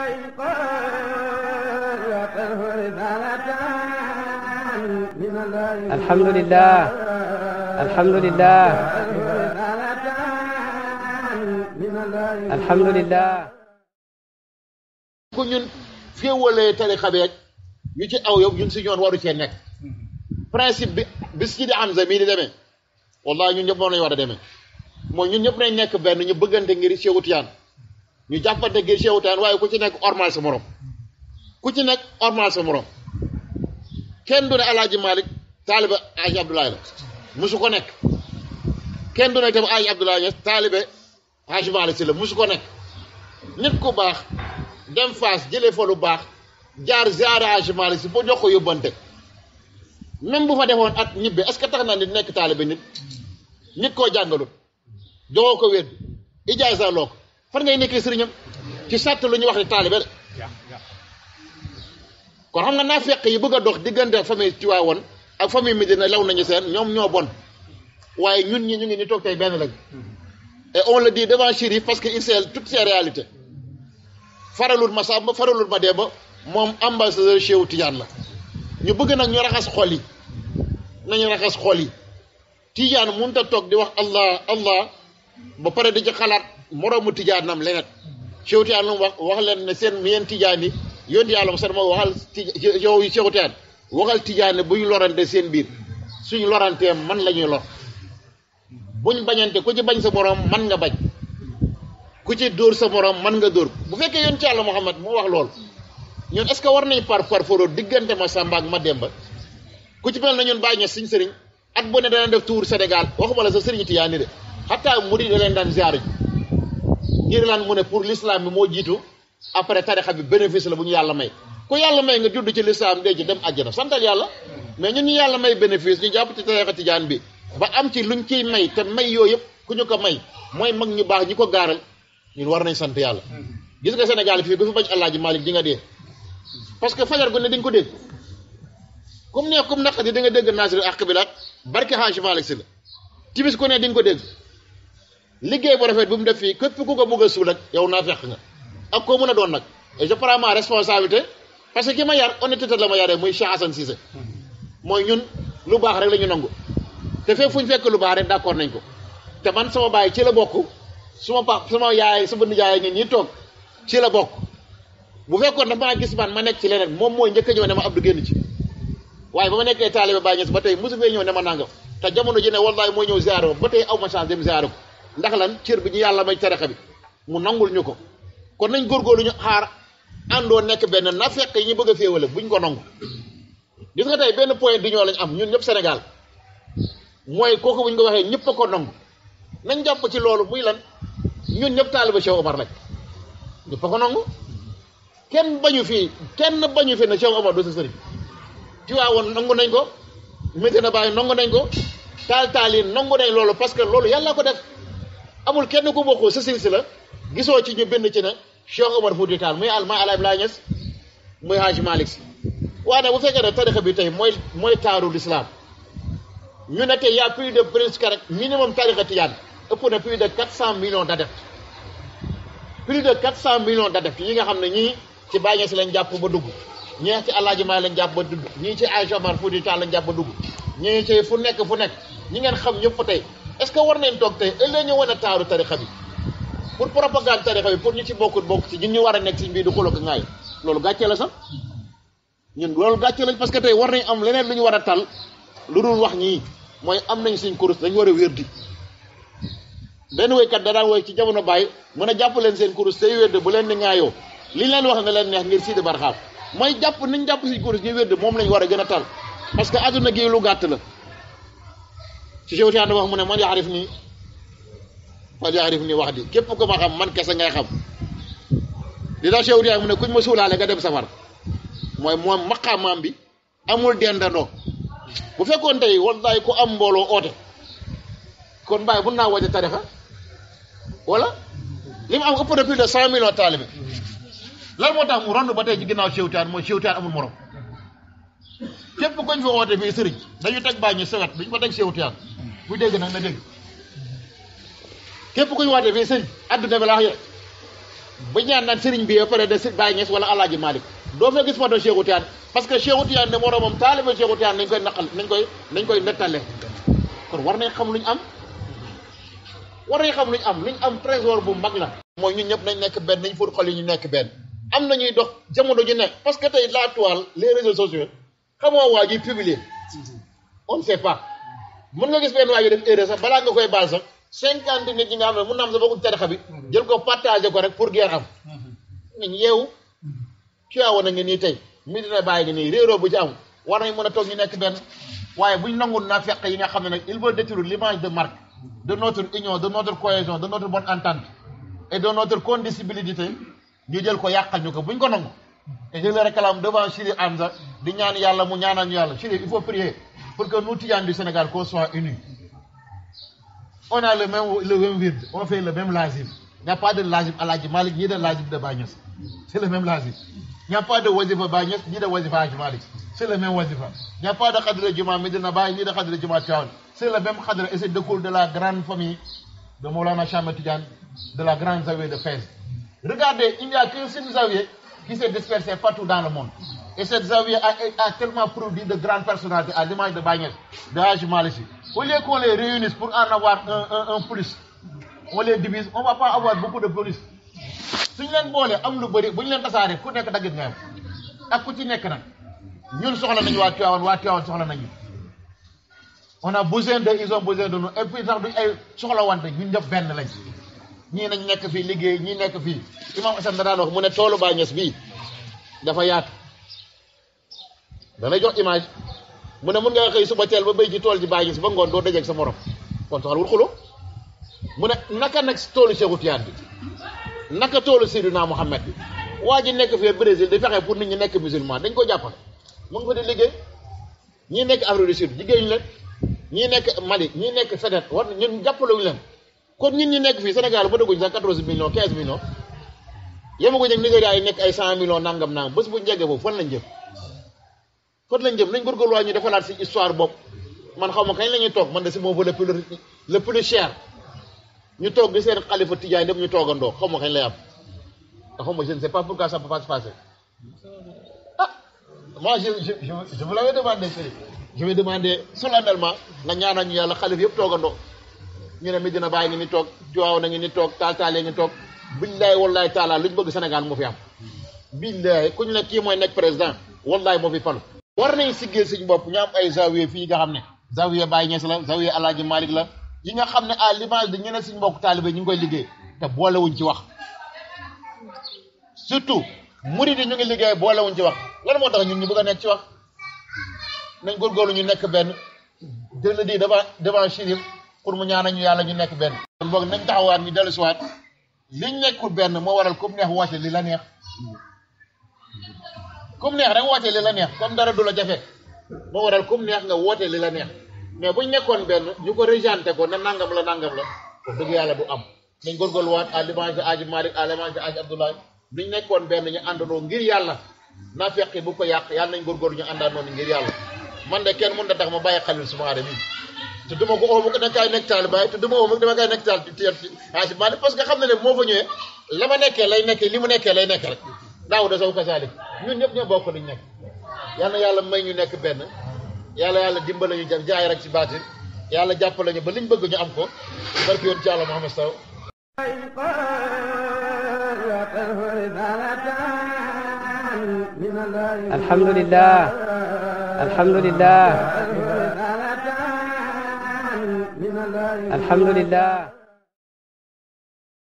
وإن الحمد لله الحمد لله الحمد لله ku ñun féewalee tarixa beeg yu ci aw yow ñun si ñoon waru cee nekk principe bi bis ci di Hamza mii di demee ñu ñun ñëpp moom lañu war a demee mooy ñun ñëpp nañ nekk benn ñu bëggante ngir Cheikh Tidiane ñu jàppante ngir sewutaan waaye ku ci nekk ormal sa morom ku ci nekk ormal sa morom kenn du ne alaaji Aji Abdoulaye la ko ne itam Aji Abdoulaye Niass taalibe Aji Malick si la musu ko nekk nit ku baax dem faas jëlee fa lu baax jaar ziara Aji Malick si ba jox ko yóbbante même bu fa defoon at ñibbi est que tax na nit nekk taalibe nit nit koo jàngalut joxoo ko wér ijaaza loo ko far ngay nekkee sëriñam ci sàtt lu ñuy wax ne taalibe la kon xam nga naa feq yi bëgg a dox diggante famille Tivaouane ak famille Médina law nañu seen ñoom ñoo bon waaye ñun ñi ñu ngi ni toog tey benn lañ et on le dit devant Chérif parce que il sait toutes ces réalités faralul ma Samba faralul ma Demba moom ambassadeur Cheikh Tidiane la ñu bëgg nag ñu raxas xool yi nañu raxas xool yi Tidiane mënut ta toog di wax Allah Allah ba pare di ci xalaat moroomu tijaanam leneen Cheikh Tijaan lu mu wax wax leen ne seen yéen tijaan yi yéen yàlla seen moo waxal yow Cheikh Tijaan waxal tijaane bu ñu lorante seen biir suñu lorantee man la ñuy lor ñu bañante ku ci bañ sa moroom man nga bañ ku ci dóor sa moroom man nga dóor bu fekkee yéen ci yàlla Muhammad moo wax lool ñun est que war nañ par parforoo diggante ma Samba ma dem ba ku ci mel na ñun bàyyi ña suñ sëriñ at bu ne dana def tuur Sénégal waxuma la sa sëriñ tijaani xataa murid yi leen daan ziar ji ngir lan mu ne pour l'islam bi moo jiitu après tarixa bi bénéfice la bu ñu yàlla may ku yàlla may nga judd ci l'islam dee ci dem àjjana santal yàlla mais ñun ñu yàlla may bénéfice ñu jàpp ci tarixa tijaan bi ba am ci ñu ciy may te may yooyu yëpp ku ñu ko may mooy mag ñu baax ñi ko gaaral ñun war nañ sant yàlla gis nga Sénégal fii ku fi bañ Alaaji Malick di nga dee parce que fajar gu ne di ko dégg comme ne comme naqari di nga dégg Nasirul Aqbil ak barke Hajji Malick si la timis ku ne di ko dégg liggéey bu rafet bu mu def fii képp ku ko bëgg a suul ak yow naa fekk nga ak koo mën a doon nag et je prends ma responsabilité parce que ki ma yar honnêteté la ma yaree muy Cheikh Assane Cissé mooy ñun lu baax rek la ñu nangu te fekk fu ñu fekk lu baax rek d'accord nañ ko te man sama baay ci la bokk su ma pa sama yaay sama nijaay ñi ñi toog ci la bokk bu fekkoon dafa maa gis man ma nekk ci leneen moom mooy njëkk a ñëw ne ma Abdou génn ci waaye ba ma nekkee taalibe Baay ko ndax lan cër bi ñu yàlla may tarixa bi mu nangul ñu ko kon nañ lu ñu xaar àndoo nekk benn na fekk yi ñu bëgg a féewale buñ ko nangu gis nga tey benn point di ñoo lañ am ñun ñëpp Sénégal mooy kooku buñ ko waxee ñëpp a ko nangu nañ jàpp ci loolu muy lan ñun ñëpp taaliba Cheikh Omar lañ ñëpp a ko nangu kenn bañu fii kenn bañu fi ne Cheikh Omar du sa woon nangu nañ ko métti na bàyyi nangu nañ ko taal taal yi nangu nañ loolu parce que loolu yàlla ko def amul kenn ku bokkoo sa la gisoo ci ñu bind ci ne Cheikh Omar Fouti Tall muy al Maam Abdoulaye Niass muy Hadj Malick Sy waaye nag bu fekkee ne tarixa bi tey mooy mooy taaru l'islam ñu ne tey y a plus de presque rek minimum tarixa tijaan ëpp na plus de quatre cent millions d'adeptes plus de quatre cent millions d'adeptes yi nga xam ne ñi ci Baye Niass lañ jàpp ba dugg ñii ci Alaaji Maalik lañ jàpp ba dugg ñii ci Cheikh Omar Fouti Tall lañ jàpp ba dugg ñii ci nekk fu nekk ñi ngeen xam ñëpp fa tey est-ce que war nañ toog tey ëllëg ñu wane taaru tarixa bi pour propagande tarixa bi pour ñu ci bokkut bokk ci ñu ñu war a nekk ci mbii du xuloo ko ngaay loolu gàcce la sax ñun loolu gàcce lañ parce que tey war nañ am leneen lu ñu war a tal lu dul wax ñii mooy am nañ suñ kurus dañu war a wér di benn woykat da daan ci jamono bàyyi mën a jàpp leen seen kurus tey wérde bu leen di ŋaayoo li leen wax na leen neex ngir siidi barxaam mooy jàpp niñ jàpp suñ kurus ñu moom lañ war a gën a tal parce que adduna gi lu gàtt la ci jawwtaan wax mu ne man yaarif nii man yaarif nii wax di képp ku ma xam man kese ngay xam li tax jawwtaan mu ne kuñ ma suulaale nga dem safar mooy moom maqaamaam bi amul dendandoo bu fekkoon tey wallaay ku am mbooloo oote kon bàyyi mun naa waja tarixa wala li mu am ëpp moo tax mu rond ba tey ci ginnaaw jawwtaan mooy jawwtaan amul morom képp koñ fa oote fii sëriñ dañu teg bàyyi ñu sewet duñ ko teg jawwtaan bu dégg nag na dégg képp ku ñu waatee fii sëñ adduna bi laa wax ba ñaan naan sëriñ bi ba pare de si Baye Niass wala Alaaji Malick doo fa gis ma doon Cheikhou Tidiane parce que Cheikhou Tidiane ne moroomam taalibe Cheikhou Tidiane nañ koy naqal koy nañ koy nettale kon war nañ xam luñ am war nañ xam luñ am luñ am trésor bu mag la. mooy ñun ñëpp nañ nekk benn nañ fóot xol yi ñu nekk benn am na ñuy dox jamono ju nekk parce que tey la toile les réseaux sociaux xamoo waa ji publier on ne mën nga gis benn waay def erreur sax balaa nga koy baal sax cinquante nit ñi nga xam ne mun na am sax bokkul tarixa bi mm-hmm. jël ko partagé ko rek pour guerre am mm-hmm. nañ yeewu mm-hmm. ciawoon a ngi nii tey mi dina bàyyi ngi nii réeroo bu ci am war nañ mën a toog ñu nekk benn waaye buñ nangul na fekk yi nga xam ne nag il veut détruire l'image de marque de notre union de notre cohésion de notre bonne entente et de notre condicibilité ñu jël ko yàqal ñu ko buñ ko nangu et je le réclame devant Chérif Hamza di pour que nous, Tidiane du Sénégal, qu'on soit unis. On a le même, le même on fait le même lazim. Il a pas de lazim à l'Adji Malik, de lazim de Bagnas. C'est le même lazim. Il a pas de wazifa Bagnas, ni de wazifa Adji Malik. C'est le même wazifa. Il n'y a pas de khadra Juma Medina Baye, ni de khadra Juma Tiawan. C'est le même khadra et de cours de la grande famille de Moulana Chama Tidiane, de la grande Zawiya de Fès. Regardez, il n'y a qu'un qui s'est dispersé partout dans le Et cette Zawiya a, a, tellement produit de grandes personnalités à l'image de Bagnès, de Haji Malissi. Au lieu qu'on les réunisse pour en avoir un, un, un plus, on les leen on am lu pas bu ñu leen plus. ku nekk avons des ak ku ci nekk nag ñun soxla nañu waa Tivaouane waa Tivaouane soxla nañu on a besoin de ils ont besoin de nous et puis sax duñ ay soxla wante ñun ñëpp benn lañ ñii nañ nekk fii liggéey ñii nekk fii imam Assane da daan wax ne toolu Baay Ñas bii dafa yaatu danay jox image mu ne mun nga xëy suba teel ba béy ci tool ji bàyyi si ba ngoon doo dajeeg sa morom kon soxla wul xulo mu na naka nag toolu Cheikhou Tidiane bi naka toolu Seydina Mouhamed bi waa ji nekk fii Brésil di fexe pour nit ñi nekk musulman dañ ko jàppale mu ngi fa di liggéey ñii nekk Afrique du Sud liggéeyuñu leen ñii nekk Mali ñii nekk feneen war ñun jàppalewuñu leen kon ñun ñi nekk fii Sénégal ba dugguñ sax quatorze millions quinze millions yemaguñ ak Nigéria yi nekk ay cent millions nangam nangam bés bu njege boobu fan lañ kon lañ jëm nañ góorgóorluwaay ñu defalaat si histoire bopp man xaw ma kañ la ñuy toog man de si moo vaut le plus le plus cher ñu toog di seen xalifa tijaay dem ñu toogandoo xaw ma kañ lay am te ma je ne sais pas pourquoi ça peut pas se passer ah, je je je vous l'avais demandé Serigne je vais demander nga ñaanal ñu yàlla xalif yëpp toogandoo ñu ne Medina bàyyi nga ni toog Tiwaawan na ngi ni toog taal taalee ngi toog billaay wallaay taala lu ñu bëgg Sénégal moo fi am billaay ku ñu ne kii mooy nekk président wallaay moo fi falu war nañ siggil suñ bopp ñu am ay zawiya fii nga xam ne zawiya Baye Niass la zawiya Alaaji Malick la yi nga xam ne à l'image de ñeneen suñ mbokk taalibe ñu ngi koy liggéey te boolewuñ ci wax surtout murid yi ñu ngi liggéey boolewuñ ci wax lan moo tax ñun ñu bëgg nekk ci wax nañ góorgóorlu ñu nekk benn dënn di devant devant Chérif pour mu ñaanal ñu yàlla ñu nekk benn. kon boog nañ taxawaat ñu dellusiwaat liñ nekkul benn moo waral comme neex woote li la neex. comme neex rek woote li la neex comme dara du la jafe moo waral kum neex nga woote li la neex mais buñ nekkoon benn ñu ko rejanté ko na nangam la la wax dëgg yàlla du am nañ góorgóorluwaat à l'image de Aji Malick à l'image de Aji Abdoulaye benn ñu àndandoo yàlla naa feqi bu ko yàq yàlla nañ góorgóorlu ñu àndandoo ngir man de kenn mën da tax ma bàyyi Khalil Soumaré mi te duma ko oo oh, da kaay nekk taal bàyyi te parce que xam na ne moo fa ñëwee la ma nekkee lay nekkee mu nekkee lay nekkee rek daaw da sow kasaalik ñun ñëpp ñoo bokk luñ nekk yal na yàlla may ñu nekk benn yàlla yàlla dimbale ñu jëm jaay rek ci baatin yàlla jàppale ñu ba liñ bëgg ñu am ko barki yoon ci yàlla Muhammad Sow alhamdulillah alhamdulillah alhamdulillah